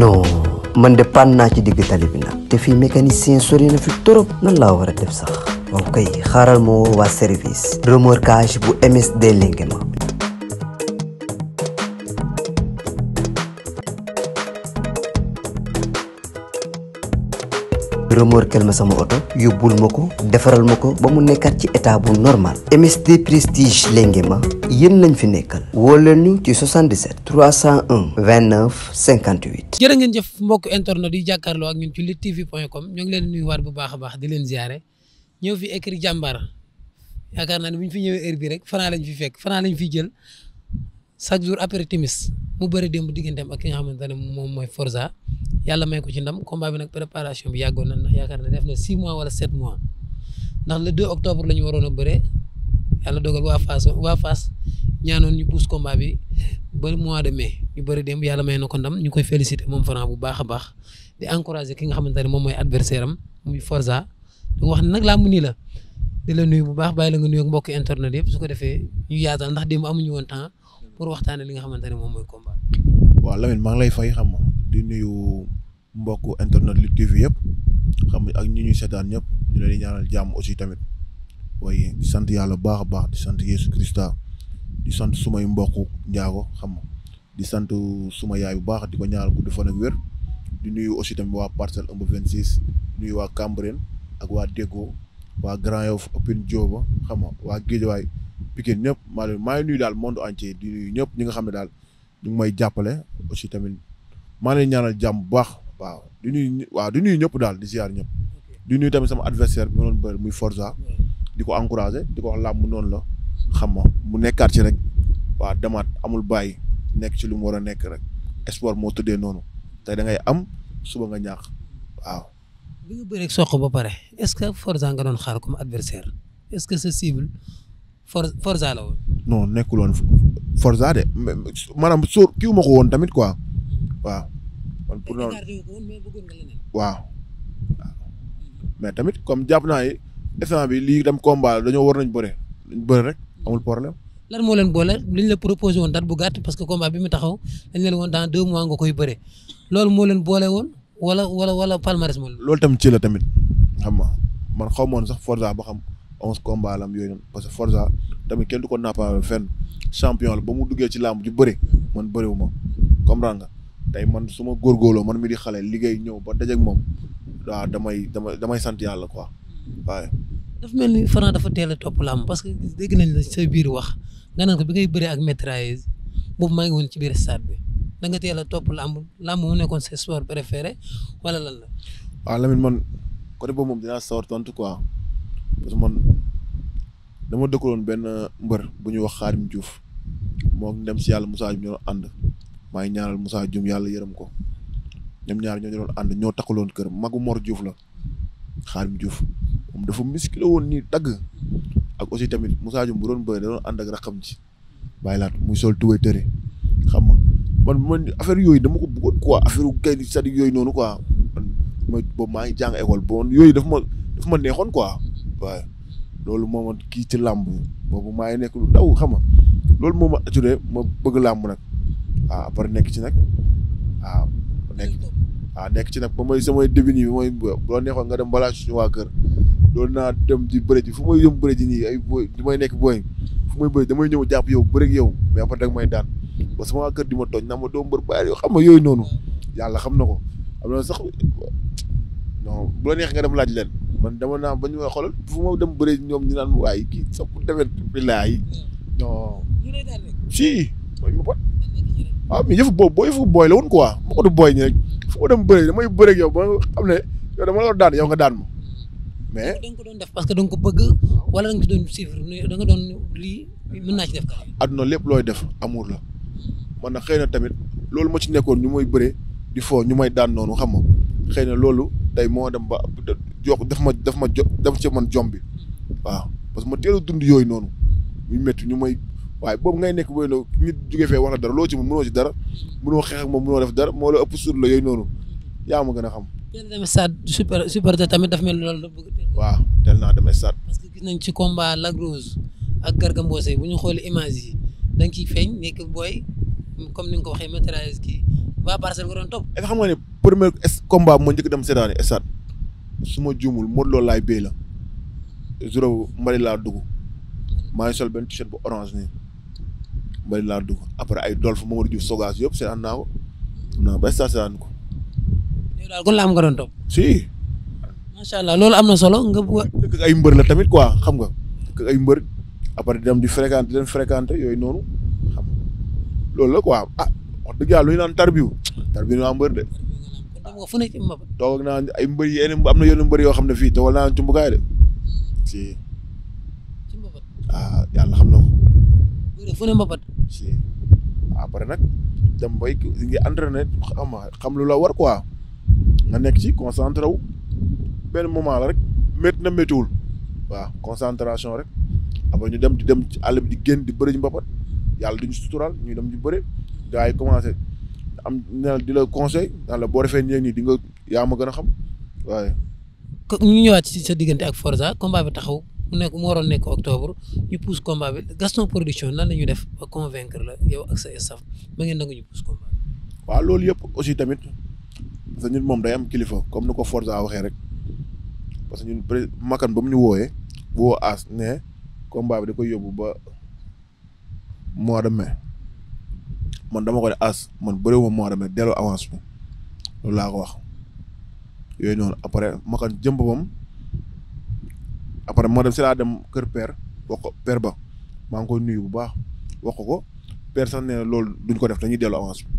no man de panne naa ci digg tali bi nag te fii mécanicien sori fi trop nan laa war a def sax waaw kay xaaral waa woo waa service remorquage bu MSD Linguère ma remorquel ma sama oto yóbbul ma ko defaral ma ko ba mu nekkaat ci état bu normal MSD Prestige Lengema yéen lañ fi nekkal woo leen ci 77 301 jëf mbokk internet yi jàkkaarloo ak ñun ci TV point ñoo ngi leen nuyu waat bu baax a baax di leen ziare ñëw fi écrit jàmbaar yaakaar naa ne bu fi ñëwee heure rek Franc lañ fi jël chaque jour après timis mu bëri démb digganteem ak ki nga xamante ne moom mooy Forza yàlla may ko ci ndam combat bi nag préparation bi yàggoon na ndax yaakaar ne def na 6 mois wala 7 mois ndax le 2 octobre la ñu waroon a bëree yàlla dogal waa Fass waa Fass ñaanoon ñu pousse combat bi ba mois de mai ñu bëri dem yàlla may na ko ndam ñu koy féliciter moom Franc bu baax a baax di encourager ki nga xamante ne moom mooy adversaire am muy Forza di wax nag laa mu nii la di la nuyu bu baax bàyyi la nga nuyu mbokk internet yëpp su ko defee ñu yaatal ndax démb amuñu woon temps pour waxtaanee li nga xamante ne moom mooy combat. waaw Lamine maa lay fay xam di nuyu mbokk internet Lutte TV yëpp xam nga ak ñu ñuy seetaan ñëpp ñu leen di ñaanal jàmm aussi tamit waaye sant yàlla baax a baax sant Yesu Christa di sant sumay mbokku njaago xam nga di sant suma yaay bu baax di ko ñaanal gudd fan ak wér di nuyu aussi tamit waa parcelle ëmb 26 nuyu waa Cambérène ak waa Déggo waa Grand Yoff Opine xam nga waa Guédiawaye Pikine ñëpp maa leen maa daal monde entier di ñëpp ñi nga xam ne daal ñu ngi may jàppale aussi tamit maa ngi leen ñaanal jàmm bu baax. waaw di nuyu waaw di nuyu ñëpp daal di ziar ñëpp di nuyu tamit sama adversaire bi ma doon bëri muy Forza di ko encouragé di ko làmb noonu la xam ma mu nekkaat ci rek waaw demaat amul bàyyi nekk ci lu mu war a nekk rek espoir moo tëddee noonu te da ngay am suba nga ñàkk waaw. bi nga bëreeg soq ba pare est-ce que Forza nga doon xaar comme adversaire est-ce que sa cible Forza la woon. non nekkul woon Forza de maanaam sóor kiiw ma ko woon tamit quoi mm-hmm. waaw. man pour noonu waaw mais tamit comme jàpp naa yi instant bi lii dem combat dañoo war nañ bëre dañ bëre rek amul problème. lan moo leen boole li ñu la proposé woon date bu gàtt parce que combat bi mu taxaw dañ leen woon dans deux mois nga koy bëre loolu moo leen boole woon wala wala wala palmarès moo leen. loolu tam ci la tamit xam ma man xaw ma sax Forza ba xam onze combat am yooyu noonu parce que Forza tamit kenn du ko nappaale fenn champion la ba mu duggee ci làmb ju bëre man bëriwu ma comprendre nga. tey man su ma góorgóorloo man mi di xale liggéey ñëw ba dajeeg moom waaw damay damay damay sant yàlla quoi waaye. dafa mel ni Franc dafa teel a topp làmb parce que dégg nañ la sa biir wax nga ko bi ngay bëree ak mitrailleuse boobu maa ngi woon ci biir stade bi da nga teel a topp làmb làmb mu nekkoon sa sport préféré wala lan la. waaw Lamine man côté boobu moom dinaa sawar tontu quoi parce que man dama dëkkaloon benn mbër bu ñuy wax Xaarim Diouf moo dem si yàlla Moussa Diouf ñoo ànd. maa ngi ñaanal Moussa Dioum yàlla yërëm ko ñoom ñaar ñoo doon ànd ñoo takkaloon kër magu Mor Diouf la Xaarim Diouf moom dafa miskile woon nii dagg ak aussi tamit Moussa Dioum bu doon bëri daloon doon ànd ak raxam ci bàyyi laat muy sol tuwee tëre xam nga man man affaire yooyu dama ko bëggoon quoi affaire kay c'est-à-dire yooyu noonu quoi man mooy boobu maa ngi jàng école bon yooyu dafa ma dafa ma neexoon quoi waaye loolu moo kii ci làmb boobu maa ngi nekk lu ndaw xam nga loolu moo ma attiré ma bëgg làmb nag. waaw après nekk ci nag waaw nekk waaw nekk ci nag ba mooy samay début nii bi mooy bu la neexoon nga dem balaa suñu waa kër loolu naa dem di bëri ji fu may yëm bëri ji nii ay booy di nekk booy fu may bëri damay ñëw jàpp yow bëri yow mais après dag daan ba sama kër di ma tooñ na doo mbër bàyyi yoo yooyu noonu yàlla xam na ko am na sax non bu la neex nga dem laaj leen man dama naa ba ñu ma xoolal fu ma dem bëri ñoom ñu naan waaye kii sax ku demee billaay non waaw ah, mais yëfu boobu boo yëfu booy la woon quoi ma ko du booy ñi rek fu ma dem bëree damay bëree ak yow ba xam ne yow dama la daan yow nga daan ma mais. da ko doon def parce que da ko bëgg wala da nga ko da nga doon lii mën naa ci adduna lépp looy def amour la man nag xëy na tamit loolu ma ci nekkoon ñu may bëree di foo ñu may daan noonu xam nga xëy na loolu tey moo dem ba jox daf ma daf ma jo daf ci man jom bi waaw parce que ma teel dund yooyu noonu muy métti ñu may waaye boobu ngay nekk booy noonu nit jóge fee wax la dara loo ci moom mënoo ci dara mënoo xeex ak moom def dara moo la ëpp suur la yooyu noonu yaa ma gën a xam. tamit daf mel ni loolu la naa dem nañ ci combat Lac ak Garga Mbossé bu ñu xoolee image yi da nga feeñ nekk booy comme ni nga ko waxee matérialise kii waa parcelle nga xam nga ne premier combat moo njëkk dem seetaan stade su ma juumul Modou la. zéro laa dugg maa ngi sol benn t-shirt bu orange nii. bari laa dugg après ay dolf Mamadou Diouf Sogas yëpp seetaan naa ko non ba star seetaan daal kon la am doon topp. si. macha allah loolu am na solo nga bëgg ay mbër la tamit quoi xam nga ay mbër après dem di fréquenter leen yooyu noonu xam loolu la quoi ah wax dëgg yàlla lu ñu naan tarbiw tarbiw naa mbër ay mbër yeneen am na yeneen mbër yoo xam ne fii toogal naa ci mbukaay de mm. si ah yàlla xam na ko. fu ne mbapat si après nag dem bay ngi entraîné xam xam lu la war quoi nga nekk ci concentré wu benn moment la rek métti na méttiwul waaw concentration rek après ñu dem di dem ci àll bi di génn di bëri ñu mbapat yàlla duñu suturaal ñu dem di bëri gars yi commencé am na di la conseil naan la boo defee nii nii di nga yaa ma gën a xam waaye. ñu ñëwaat si sa diggante ak Forza combat bi taxaw. mu nekk mu waroon nekk octobre ñu pousse combat bi Gaston production nan la ñu def ba convaincre la yow ak sa staff ba ngeen nangu loolu yëpp aussi tamit parce moom day am kilifa comme ni ko Forza waxee rek parce que ñu pré makan ba mu ñu wooyee woo aas ne combat bi da koy yóbbu ba mois de mai man dama ko ne aas man bëriwuma mois de mai delloo avance loolu laa ko wax yooyu noonu après makan jëm boppam. après moo dem si laa dem kër per wax ko ba maa ngi ko nuyu bu baax wax ko ko sax nee loolu duñ ko def dañuy dellu avance bi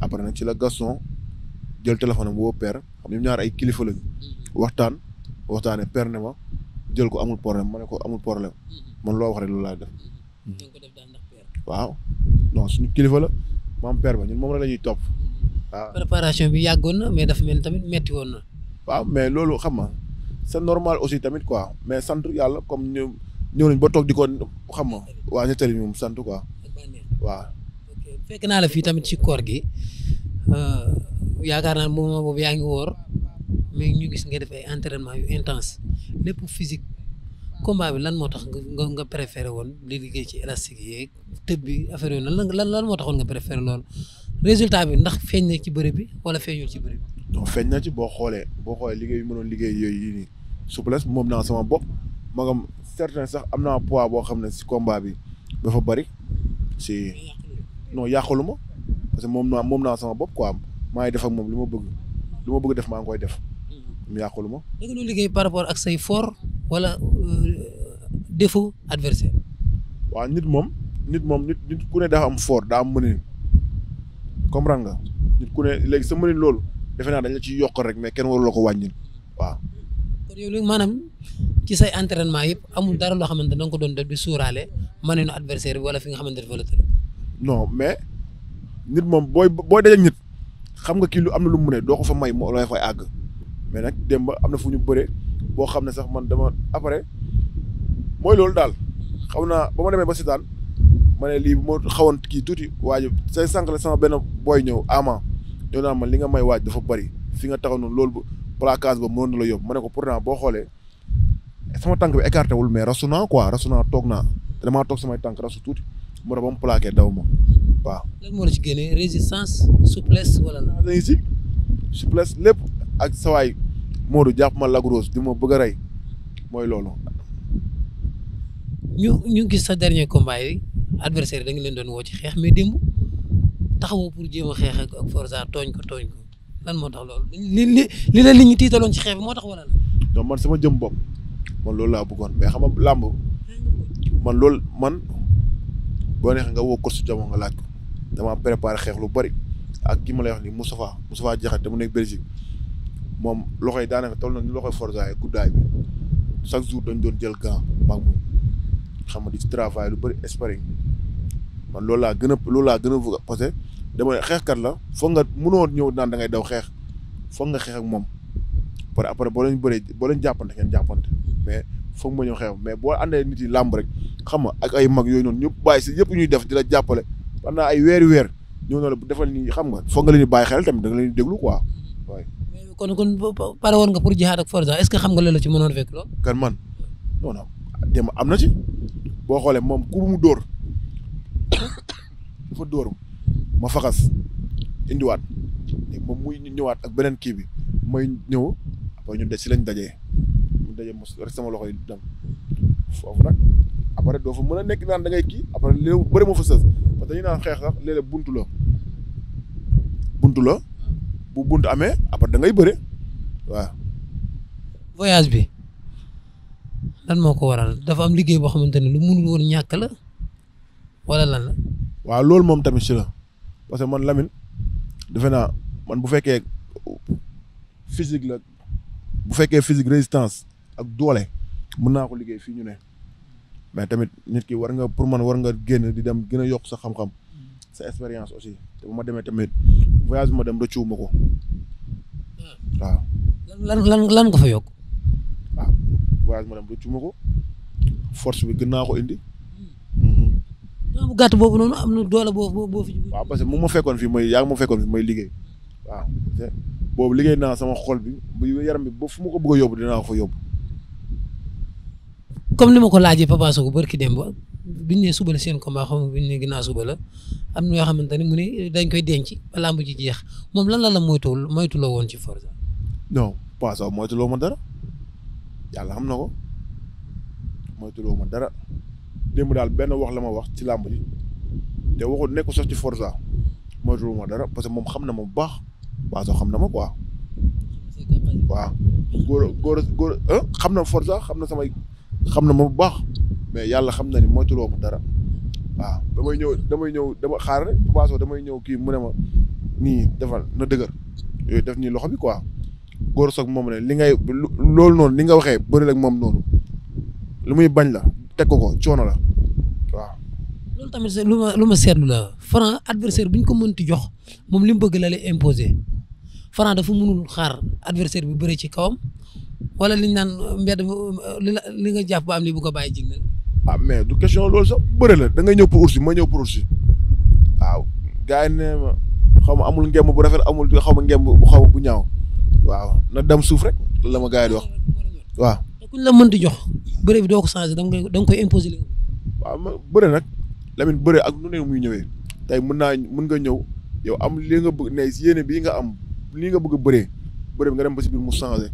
après nag ci la Gaston jël téléphone am woo père xam ñoom ñaar ay kilifa lañu mm-hmm. waxtaan waxtaane per ne ma jël ko amul problème ma ne ko amul problème mm-hmm. man loo wax rek loolu laa def. Mm-hmm. waaw non suñu kilifa la maam père ba ñun moom la ñuy topp. waaw préparation bi yàggoon na mais dafa mel ni tamit metti woon na. waaw mais loolu xam nga sa normal aussi tamit quoi mais sant yàlla comme ñu ñëw nañ ba toog di ko xam nga waa ñettali moom santu quoi waaw. fekk naa la fii tamit ci koor gi euh, yaakaar naa moom boobu yaa ngi woor mais ñu gis nga def ay entraînement yu intense lépp physique combat bi lan moo tax nga nga préféré woon di liggéey ci élastique yeeg tëb bi affaire yooyu lan lan lan moo taxoon nga préféré loolu résultat bi ndax feeñ na ci bëri bi wala feeñul ci bëri bi. non feeñ na ci boo xoolee boo xoolee liggéey bi ma doon liggéey yooyu yii nii souplesse moom naa sama bopp magam certain sax am naa poids boo xam ne si combat bi dafa bëri si non yàqalu ma parce que moom naa moom naa sama bopp ko am ngi def moom li ma bëgg li ma bëgg def maa ngi koy def mu mm-hmm. yàqalu ma. nga doon liggéey par rapport ak say fort wala euh, défaut adversaire. nit moom nit moom nit nit ku ne daa am fort daa am mënin comprendre nga nit ku ne léegi sa mënin loolu defe naa dañ la ci yokk rek mais kenn warul la ko wàññil waaw. kon yow maanaam ci say entraînement yëpp amul dara loo xamante ne ko doon def di suuraale mën na adversaire bi wala fi nga xamante ne fa la non mais nit moom booy booy dajeeg nit xam nga kii lu am na lu mu ne doo ko fa may moo lay fay àgg mais nag démb am na fu ñu bëre boo xam ne sax man dama après mooy loolu daal xam naa ba ma demee ba sitaan ma ne lii moo xawoon kii tuti waaju say sànq la sama benn booy ñëw ama ñoo naan man li nga may waaj dafa bari fi nga taxaw noonu loolu placage ba mënoon na la yóbbu ma ne ko pourtant boo xoolee sama tànk bi écarté wul mais rasu naa quoi naa toog naa damaa toog samay tànk rasu tuuti mu ne ba mu plaqué daw ma waaw. lan moo la ci génnee résistance souplesse wala. dañuy si souplesse lépp ak sawaay Modou jàpp ma lagrosse di ma bëgg a rey mooy loolu. ñu gis sa dernier combat yi adversaire da nga leen doon woo ci xeex mais démb taxawoo pour jéem a xeex ak Forza tooñ ko tooñ ko. lan moo li li li la li ñu tiitaloon ci xeex moo tax wala la. donc man sama jëm bopp man loolu laa bëggoon mais xam nga làmb man lool man boo neexee nga wow ko su jamono nga laaj ko damaa préparé xeex lu bari ak kii ma lay wax ni Moustapha Moustapha Diakhaté mu nekk Belgique moom loxo yi daanaka toll na ni loxoy forzaay guddaay bi chaque jour dañ doon jël gant maag moom xam nga di ci lu bari sparring man loolu laa gën a loolu laa gën a parce que dama ne xeexkat la foog nga mënoo ñëw naan da ngay daw xeex foog nga xeex moom par après boo leen bëree boo leen jàppante ngeen jàppante mais foog ma ñëw xeex mais boo àndee nit yi làmb rek xam nga ak ay mag yooyu noonu ñu bàyyi si yëpp ñuy def di la jàppale pendant ay weer weer ñëw na bu defal nii xam nga foog nga leen di bàyyi xel tamit da nga leen di déglu quoi waaye. kon kon pare woon nga pour jihaad ak Forza est-ce que xam nga loolu la ci mënoon fekk lool. kan man non non dem am na ci boo xoolee moom ku mu dóor dafa dóorum ma faxas indiwaat moom muy ñëwaat ak beneen kii bi may ñëw après ñu des si lañ dajee mu daje mos sama loxo yi dem foofu nag après doo fa mën a nekk naan dangay kii après léegi bëri moo fa sës dañuy naan xeex sax léeg buntu la la bu buntu amee après da ngay bëre waaw. voyage bi lan moo ko waral dafa am liggéey boo xamante ne lu mënul woon ñàkk la wala lan la. waaw loolu moom tamit si la. parce que man Lamine defe naa man bu fekkee physique la bu fekkee physique résistance ak doole mën naa ko liggéey fii ñu ne mais tamit nit ki war nga pour man war nga génn di dem gën a yokk sa xam-xam sa expérience aussi te bu ma demee tamit voyage ma dem ma ko waaw. lan lan lan fa yokk. waaw ah, voyage ma dem rëccuwuma ko force bi gën naa ko indi. bu gàtt boobu noonu am na doole boo boo fi. waaw parce que mu ma fekkoon fii mooy yaa ngi ma fekkoon fii mooy liggéey boobu liggéey naa sama xol bi bu yaram bi ba fu ma ko bëgg a yóbbu dinaa ko fa yóbbu. ma ko laajee Papa Sow barki démb biñ ne suba la seen combat xam nga biñ ne ginnaaw am na yoo xamante ne mu ne dañ koy denc ba làmb ji jeex moom lan la la moytu moytuloo woon ci Forza. non Papa Sow moytuloo ma dara yàlla xam na ko moytuloo ma dara. démb daal benn wax la ma wax ci làmb ji te waxul nekku sax ci Forza moytuwul ma dara parce que moom xam na ma bu baax waaw sax xam na ma quoi. waaw góor góor góor xam na Forza xam na samay xam na ma bu baax mais yàlla xam na ni moytuloo ma dara waaw damay ñëw damay ñëw dama xaar rek damay ñëw kii mu ne ma nii defal na dëgër yooyu def nii loxo bi góor soog moom ne li ngay loolu noonu li nga waxee bari ak moom noonu lu muy bañ la teg ko ko coono la waaw. loolu tamit lu ma lu ma seetlu la Franc adversaire bi ñu ko mënti jox moom li mu bëgg la lay imposer Franc dafa mënul xaar adversaire bi bëre ci kawam wala euh, euh, li ñu naan mbedd li nga jàpp ba am li bu ko bàyyi jig na. ah mais du question loolu sax bëre la da nga ñëw pour ursi ma ñëw pour ursi waaw gars yi xaw ma amul ngemb bu rafet amul xaw ma ngemb bu xaw bu ñaaw waaw na dem suuf rek la ma gars yi di wax waaw. kuñ la di jox bëre bi doo ko changé da nga koy da nga koy waaw ma bëre nag Lamine bëre ak nu ne muy ñëwee tey mun naa mën nga ñëw yow am li nga bëgg ne yéene bii nga am lii nga bëgg a bëree bëre bi nga dem ba si biir mu changé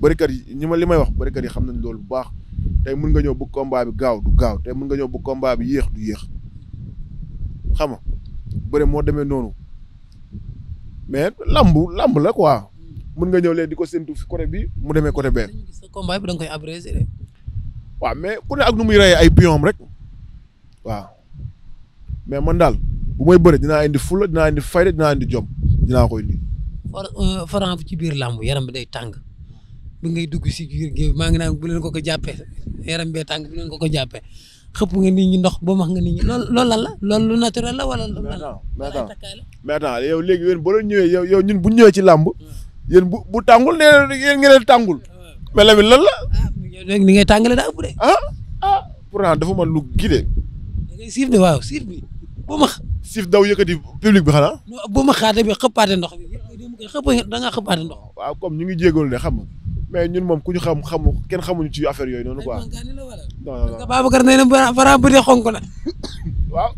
bërikat yi ñi ma li may wax bërikat yi xam nañ loolu bu baax tey mun nga ñëw bu combat bi gaaw du gaaw tey mën nga ñëw bu combat bi yéex du yéex xam nga bëre moo demee noonu mais lamb làmb la quoi mën nga ñëw leen di ko séntu fi côté bi mu demee côté bee. combat bi da nga koy abrégé. waaw mais ku ne ak nu muy rey ay pion rek waaw mais man daal bu may bëre dinaa indi fulla dinaa indi fayda dinaa indi jom dinaa koy indi. Euh, Franc ci biir lamb yaram bi day tàng bi ngay dugg si biir géej maa ngi naan bu leen ko ko jàppee yaram bee tàng bu leen ko ko jàppee xëpp nga nit ñi ndox ba max nga nit ñi loolu loolu lan la loolu lu naturel la wala. mais attends mais attends yow léegi yéen boo leen ñëwee yow ñun bu ñu ñëwee ci làmb. Hmm. yéen bu bu tàngul nee yéen ngeen tàngul mais Lamine lan la. Ah, léegi ni ngay tàngalee daa ëpp de. ah ah pourtant dafa ma lu gi ngay siif de waaw siif bi bu ma. siif daw yëkkati public bi xanaa. bu ma xaatee bi xëppaate ndox bi xëpp da ngaa xëppaate ndox. waaw comme ñu ngi jéegoon ne xam nga mais ñun moom ku ñu xam xamu kenn xamuñu ci affaire yooyu noonu quoi. non non non Babacar nee na fara bëri xonk la. waaw.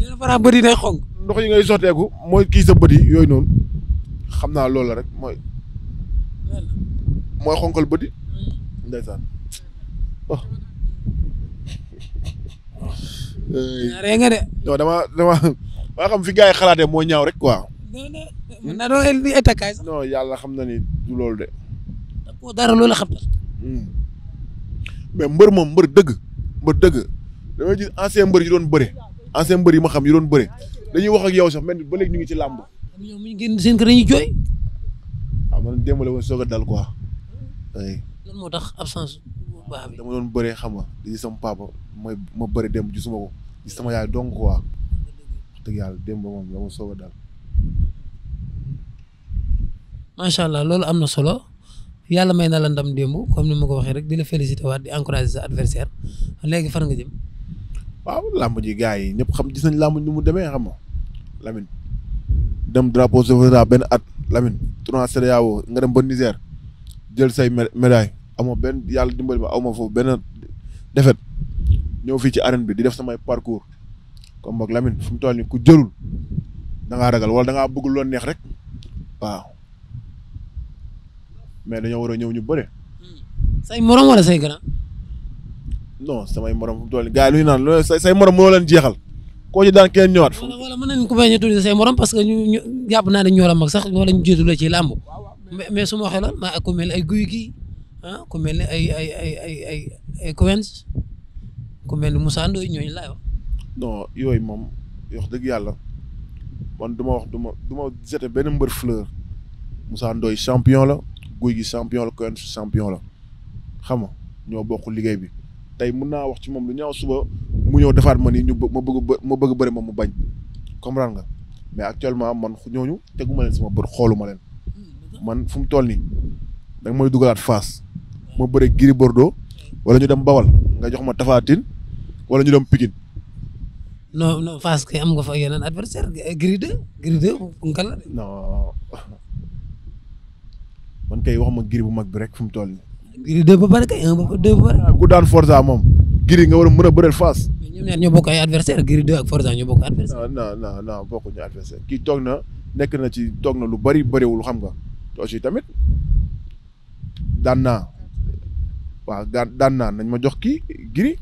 nee na fara bëri day xonk. ndox yi ngay sotteeku mooy kii sa bët yooyu noonu xam naa loolu rek mooy. mooy xonkal bëdi mm. ndeysaan oh. ñaaree nga de. dama dama maa xam fi gars yi xalaatee moo ñaaw rek quoi. non non hmm? non yàlla xam na ni loolu de. koo dara hmm. mais mbër moom mbër dëgg mbër dëgg damay gis ancien mbër yi doon bëre ancien mbër yi ma xam yi doon bëre dañuy wax ak yow sax mel ni ba léegi ñu ngi ci làmb. ñoom ñu génn seen kër dañuy jooy. waaw man démb la woon soog a dal quoi. moo tax absence bu baax bi. dama doon bëree xam nga di sama papa mooy ma bëri dem gisuma ko di sama yaay dong quoi. wax dëgg yàlla démb moom la ma soog a dal. macha allah loolu am na solo yàlla may naa la ndam démb comme ni ma ko waxee rek di la félicité waat di encouragé sa adversaire léegi far nga jëm. waaw làmb ji gars yi ñëpp xam gis nañ làmb mu demee xam nga dem drapeau souveraineté benn at. Lamine tournoi CEDEAO nga dem ba Niger jël say médaille amoo benn yàlla dimbali ma aw ma foofu benn defet ñëw fii ci arène bi di def samay parcours comme boog Lamine fu mu toll nii ku jërul danga ragal wala da ngaa bëgg loon neex rek waaw mais dañoo war a ñëw ñu bëre. say morom wala say grand. non samay morom fu mu toll nii gars yi lu ñu naan say say morom mënoo leen jeexal. koo ci daan kenn ñëwaat. wala wala mën nañu ko bañ a tudd say morom parce que ñu ñu jàpp naa ne ñoo la mag sax wala ñu jiitu la ci làmb mais mais su ma waxee lool maa ku mel ne ay guy gi ah ku ne ay ay ay ay ay ay Coens ku mel ne Moussa Ndoye yooyu moom wax dëgg yàlla man du ma wax du ma du ma jete benn mbër fleur Moussa Ndoye champion la guy gi champion la Coens champion la xam nga ñoo bokk liggéey bi. tey mun naa wax ci moom lu ñaaw suba mu ñëw defaat ma nii ñu ma bëgg ma bëgg bëri ma mu bañ comprendre nga mais actuellement man ñooñu teguma leen sama bër xooluma leen man fu mu toll nii da mooy may dugalaat Fass ma bëre Gris Bordeaux wala ñu dem Bawal nga jox ma tafaatin Tine wala ñu dem Pikine non non Fass kay am nga fa yeneen adversaire Gris 2 giri 2 punkal la de. non man kay wax ma Gris bu mag bi rek fu mu toll nii deux ba pare kay un ba deux ba pare. Ah, ku daan Forza moom. Gris nga war a mën a bëreel face. ñoom ñaar ñoo bokk ay adversaire Gris 2 ak Forza ñoo bokk adversaire. non non non bokkuñu adversaire kii toog na nekk na ci toog na lu bari bëriwul xam nga te aussi tamit daan naa waaw daan daan naa nañ ma jox kii Gris.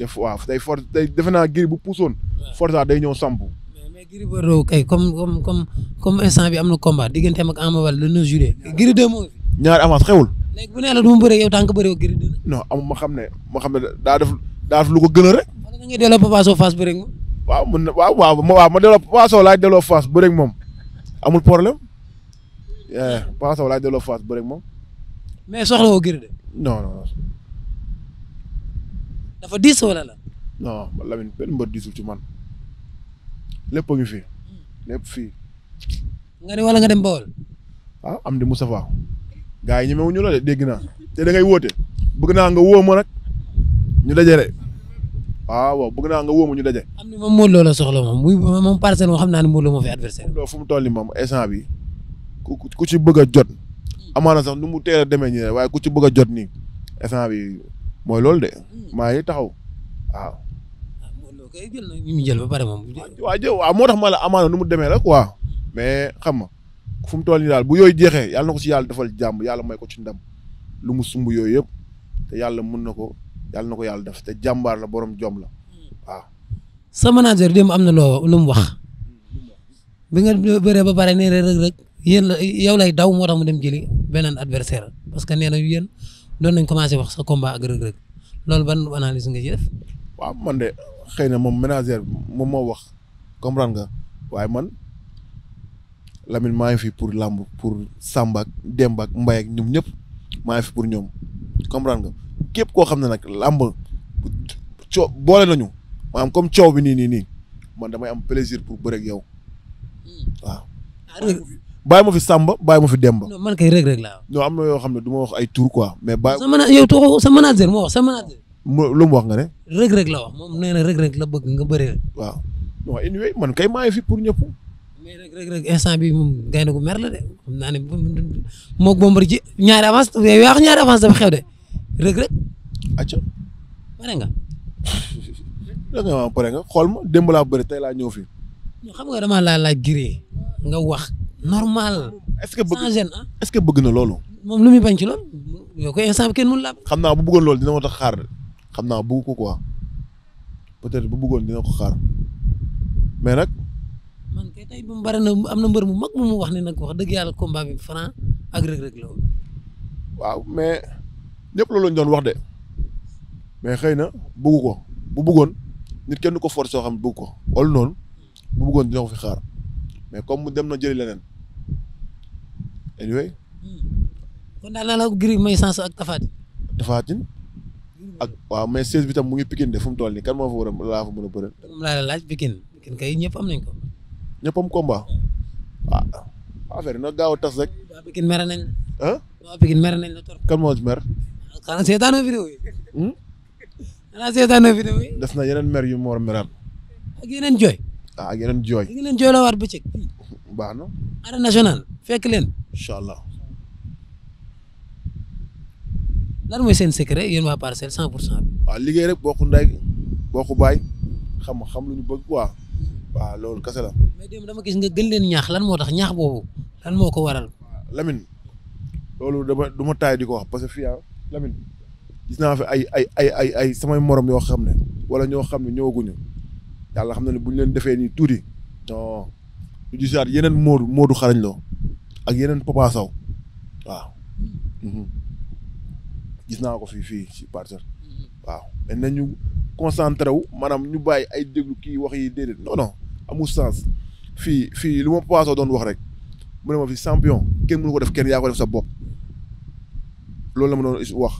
te waaw tey for tey defe naa Gris bu puusoon. Forza day ñëw sampu. mais Gris Bordeaux kay comme comme comme comme instant bi am na combat digganteem ak Ama Baldé le 9 juillet. Gris 2 moo ñaari avance xewul. léegi bu ne la du ma bëree yow tànk bëree Gris 2 non amul ma xam ne ma xam ne daa def daa def lu ko gën a rek. wala da ngay delloo Papa waaw mën na waaw waaw ma waaw ma delloo Papa Sow laaj delloo Fass bëri ak moom amul problème eh, Papa moom. mais soxla woo Gris 2. non la. non man Lamine benn mbër diisul a fi hmm. fii. nga ne wala nga dem Bawol. ah am di Moustapha gaa yi ñemewuñu la de dégg naa te da ngay woote bëgg naa nga woo ma nag ñu dajale ah, waaw bëgg naa nga woo ma ñu daje. am na moom Modou Lo soxla moom muy moom parcelle moom xam naa ne Modou Lo moo fi adversaire. Modou Lo fu mu toll nii moom instant bi ku ku ci bëgg a jot amaana sax nu mu teel a demee ñu waaye ku ci bëgg a jot nii instant bi mooy loolu de maa ngi taxaw waaw. kay jël na ñu jël ba pare moom. waaw jë waaw moo tax ma la amaana nu mu demee rek waaw mais xam nga. fu mu toll nii daal bu yooyu jeexee yàlla na ko ci yàlla defal jàmm yàlla may ko ci ndam lu mu sumb yooyu yëpp te yàlla mun na ko yàlla na ko yàlla def te jàmbaar borom jom la waaw. sa manager am na loo lu mu wax bi nga bëree ba pare nee rek rek yéen la yow lay daw moo tax mu dem jëli beneen adversaire parce que nee na yéen doon nañ commencé wax sa combat ak rëg loolu ban analyse nga ci waaw man de xëy na moom manager moom moo wax comprendre nga waaye man. Lamine maa ngi fi pour làmb pour Samba ak Demba ak Mbaye ak ñoom ñëpp maa fi pour ñoom comprendre nga képp koo xam ne nag làmb coo boole nañu maanaam comme coow bi nii nii nii man damay am plaisir pour bëreeg yow ah, fi Samba bàyyi ma fi Demba. non man kay Reug Reug laa. non am na yoo xam ne du wax ay tur quoi mais. bàyyi sa wax sa manager. mu lu la wax moom nee na Reug la bëgg nga bëree. waaw non man kay maa fi pour ñëpp. mais rek rek instant bii moom gaynde gu mer la de xam naa ne moog Bombardier ñaari avance yooyu wax ñaari avance dafa xew de rek rek. acca pare nga. da nga ma pare nga xool ma démb laa bëri tey laa ñëw fi. xam nga damaa laa laaj nga wax normal. est-ce que bëgg ah. est-ce que bëgg na loolu. moom lu muy bañ ci loolu. yow ko instant bi xam naa bu bëggoon loolu dina ma tax xaar xam naa bëgg ko quoi peut bëggoon dina ko xaar mais nag. man kay tey moom bari na am na mbër mu mag mu mu wax ne nag wax dëgg yàlla combat bi Franc ak Reug Reug la woon. waaw mais ñëpp loolu lañ doon wax de mais xëy na bëggu ko bu bëggoon nit kenn ko force soo xam bëgg ko wala noonu bu bëggoon dina ko fi xaar mais comme mu dem na jëli leneen anyway hmm. kon daal naa la Gris may sens ak Tapha ak waaw mais 16 bi tam mu ngi Pikine de fu mu toll nii kan moo fa war laa fa mën a bëre. moom laa la laaj Pikine Pikine kay ñëpp am nañ ko. ñëpp am combat ah affaire yi nag gaaw a tas rek. waa Pikine mer nañ la. ah waa Pikine mer nañ la trop. kan mer. xanaa seetaanoo vidéo yi. Hmm? xanaa seetaanoo vidéo yi. def na yeneen mer yu mu war a meraat. ak yeneen jooy. ah jooy. ak yeneen jooy la waat bëccëg. baax na. arène nationale fekk leen. incha allah. lan mooy seen secret yéen waa parcelle cent pour cent. waaw liggéey rek bokku ndey bokku baay xam xam lu ñu bëgg quoi. waaw loolu kese la. mais démb dama gis nga gën leen ñaax lan moo tax ñaax boobu lan moo ko waral. Lamine loolu dama du ma taay di ko wax parce que fii ah gis naa fi ay ay ay ay ay samay morom yoo xam ne wala ñoo xam ne ñëwaguñu yàlla xam na ne bu leen defee nii tuuti. non yeneen Modou Modou xarañ loo ak yeneen Papa Sow waaw. Mhm. gis naa ko fi fii si parcelle. Mhm. waaw mais nañu concentré wu maanaam ñu bàyyi ay déglu kii wax yi déedéet non amul sens fii fii lu ma Papa Sow doon wax rek mu ne ma fi champion kenn mënu ko def kenn yaa ko def sa bopp loolu la ma doon wax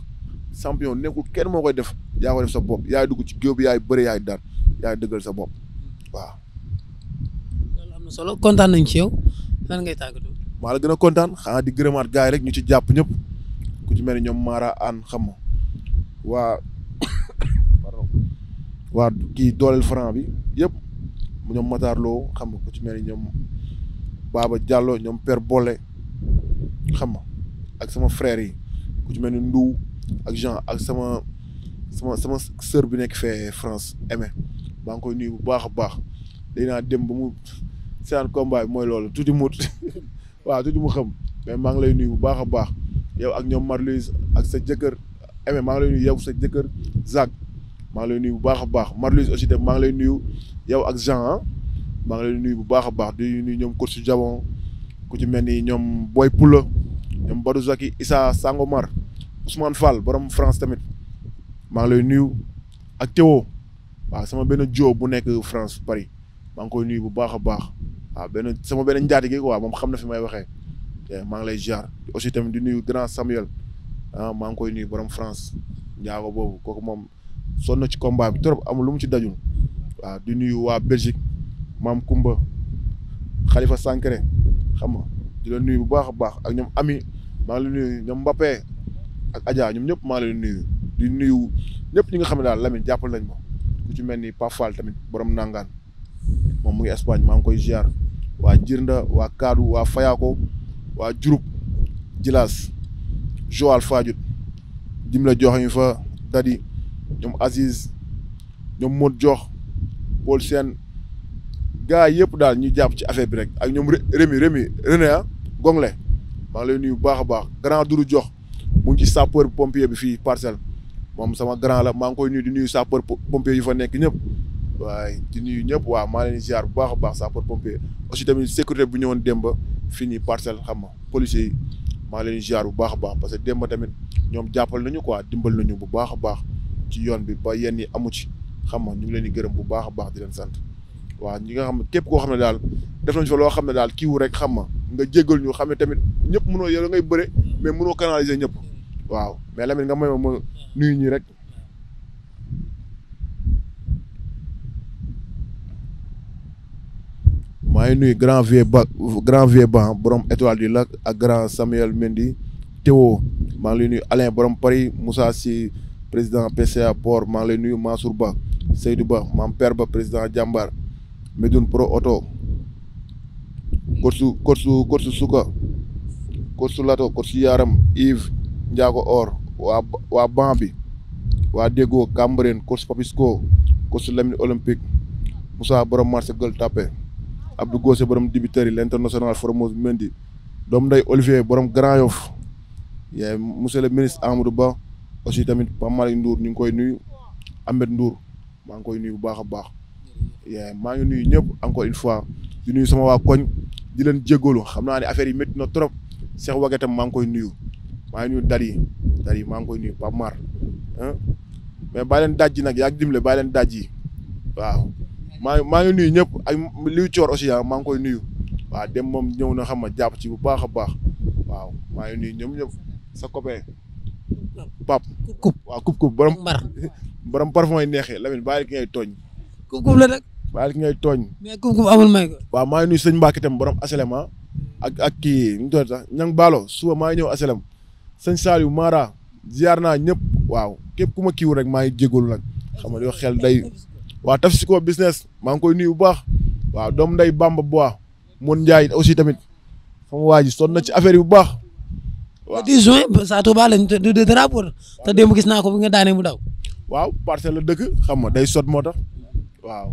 champion nekkul kenn moo koy def yaa ko def sa bopp yaay dugg ci géew bi yaay bëri yaay daan yaay dëggal sa bopp waaw. am na solo kontaan nañ ci yow ngay tàggatoo. maa la gën a kontaan xanaa di gërëmaat gars rek ñu ci jàpp ñëpp ku ci mel ni ñoom Mara Anne xam ma waa waa kii dooleel franc bi yëpp. ñoom Matar Lo xam nga ku ci mel ni ñoom Baba Diallo ñoom Père Bollé xam nga ak sama frère yi ku ci mel ni Ndou ak Jean ak sama sama sama sœur bi nekk fee France Aimé maa ngi koy nuyu bu baax a baax day naa dem ba mu seen combat bi mooy loolu tuuti mut waa tuuti mu xam mais maa ngi lay nuyu bu baax a baax yow ak ñoom Marlouise ak sa jëkkër Aimé maa yow sa jëkkër Zak maa ngi lay nuyu bu baax a baax Marlis aussi tam maa ngi lay nuyu yow ak Jean ah maa ngi lay nuyu bu baax a baax di nuyu ñoom coach Jabon ku ci mel ni ñoom Boy Pula ñoom Badou Zaki Issa Sangomar Ousmane Fall borom France tamit maa ngi lay nuyu ak Théo waaw sama benn joo bu nekk France Paris maa ngi koy nuyu bu baax a baax waaw benn sama benn njaati gi quoi moom xam na fi may waxee maa ngi lay jaar aussi tamit du nuyu grand Samuel ah maa ngi koy nuyu borom France njaago boobu moom. son na ci combat bi trop amul lu mu ci dajul waaw di nuyu waa Belgique maam Kumba Khalifa Sankere xam nga di la nuyu bu baax a baax ak ñoom Ami maa ngi la nuyu ñoom Mbappé ak ajaa ñoom ñëpp maa ngi leen nuyu di nuyu ñëpp ñi nga xam ne daal Lamine jàppal nañ ma ku ci mel ni Pape Fall tamit borom nangaan moom mu Espagne maa ngi koy ziar waa Jirnda waa Kaadu waa fayaako waa Diouroup Djilas Joal Fadiouth dim la joxe ñu ñoom Aziz ñoom Modou jox Paul Sène gars yëpp daal ñu jàpp ci affaire bi rek ak ñoom Rémi Rémi René ah Gonglé maa ngi bu baax a baax grand jox Diokh mu ngi ci sapeur pompier bi fii parcelle moom sama grand la maa ngi koy nuyu di nuyu sapeur pompier yu fa nekk ñëpp waaye di nuyu ñëpp waa maa leen ziar bu baax a baax sapeur pompier aussi tamit sécurité bu ñëwoon démb fii nii parcelle xam nga policiers maa leen ziar bu baax a baax parce que démb tamit ñoom jàppal nañu quoi dimbal nañu bu baax a baax. ci yoon bi ba yenn yi amu ci xam nga ñu leen di gërëm bu baax a baax di leen sant waaw ñi nga xam ne képp koo xam ne daal def nañ fa loo xam ne daal kiiwu rek xam ma nga jéggal ñu xam ne tamit ñëpp mënoo yow ngay bëre mais mënoo canaliser ñëpp waaw mais Lamine nga may ma ma ñi rek ngi nuyu grand vieux ba ban borom étoile du lac ak grand Samuel Mendy Théo maa ngi lay nuyu borom Paris Moussa si président PCA port maa ngi lay nuyu Mansour Ba Seydou Ba maam Père Ba président jàmbaar Medoune Pro Auto korsu korsu korsu suka korsu lato korsu yaaram Yves Ndiago Or waa waa ban bi waa Déggo Cambérène korsu Papisco korsu Lamine Olympique Moussa borom marché Gueule Tapée Abdou Gossé borom dibiteri l'international Formose Mendy doom nday Olivier borom Grand Yoff yaay monsieur le ministre Amadou Ba aussi tamit Pape Malick Ndour ñu ngi koy nuyu Ahmed Ndour maa ngi koy nuyu bu baax a baax maa ngi nuyu ñëpp encore une fois nuyu sama waa di leen jégalu xam naa ne affaire yi métti na trop Cheikh Wagué maa ngi koy nuyu maa ngi nuyu Dali Dali maa ngi koy Mar mais bàyyi leen nag yaa ngi dimbale bàyyi leen daj maa ngi nuyu ñëpp ak liu coor aussi ah, maa ngi koy nuyu waaw dem moom ñëw na xam nga jàpp ci bu baax a baax waaw maa ngi nuyu ñoom ñëpp sa copain pap kub waaw kub borom borom parfum yi neexee Lamine bàyyi ki ngay tooñ kub kub la nag bàyyi ki ngay tooñ mais kub kub amul may ko waaw maa ngi nuyu sëñ Mbacke borom aslem ak ak kii ñu doon sax ñang baalo suba maa ñëw aslem sëñ Saliou Mara ziar naa ñëpp waaw képp ku ma kiiwu rek maa ngi jégalu nag xam nga yoo xel day waaw taf si ko business maa ngi koy nuyu bu baax waaw doom nday Bamba Bois Mon Ndiaye aussi tamit xam nga waa ji sonn na ci affaire yi baax waaw le juin saa Touba lañ tuddee drapeau te démb gis naa ko bi nga daanee mu daw. waaw parcelle la dëkk xam ma day sot moo tax waaw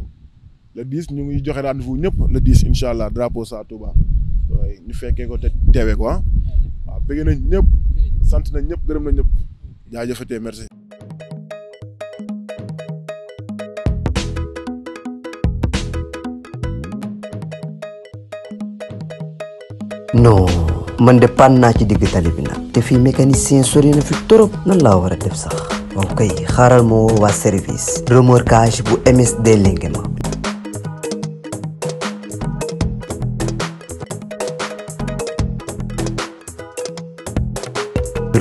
le 10 ñu ngi joxe rendez-vous ñëpp le 10 incha allah drapeau saa Touba ñu fekkee ko te teewee ko ah waaw bëgg nañ ñëpp sant nañ ñëpp gërëm nañ ñëpp jaajëfatee merci. man de panne ci digg tali nag te fii mécanicien sori na fi trop nan laa war a def sax waaw kay xaaral ma woo waa service remorquage bu MSD Linguema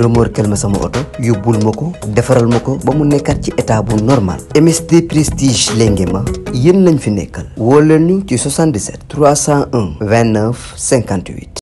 remorquel ma sama oto yóbbul ma ko defaral ma ko ba mu nekkaat ci état bu normal MSD Prestige Linguema yéen lañ fi nekkal woo leen ñu ci 77 301 29 58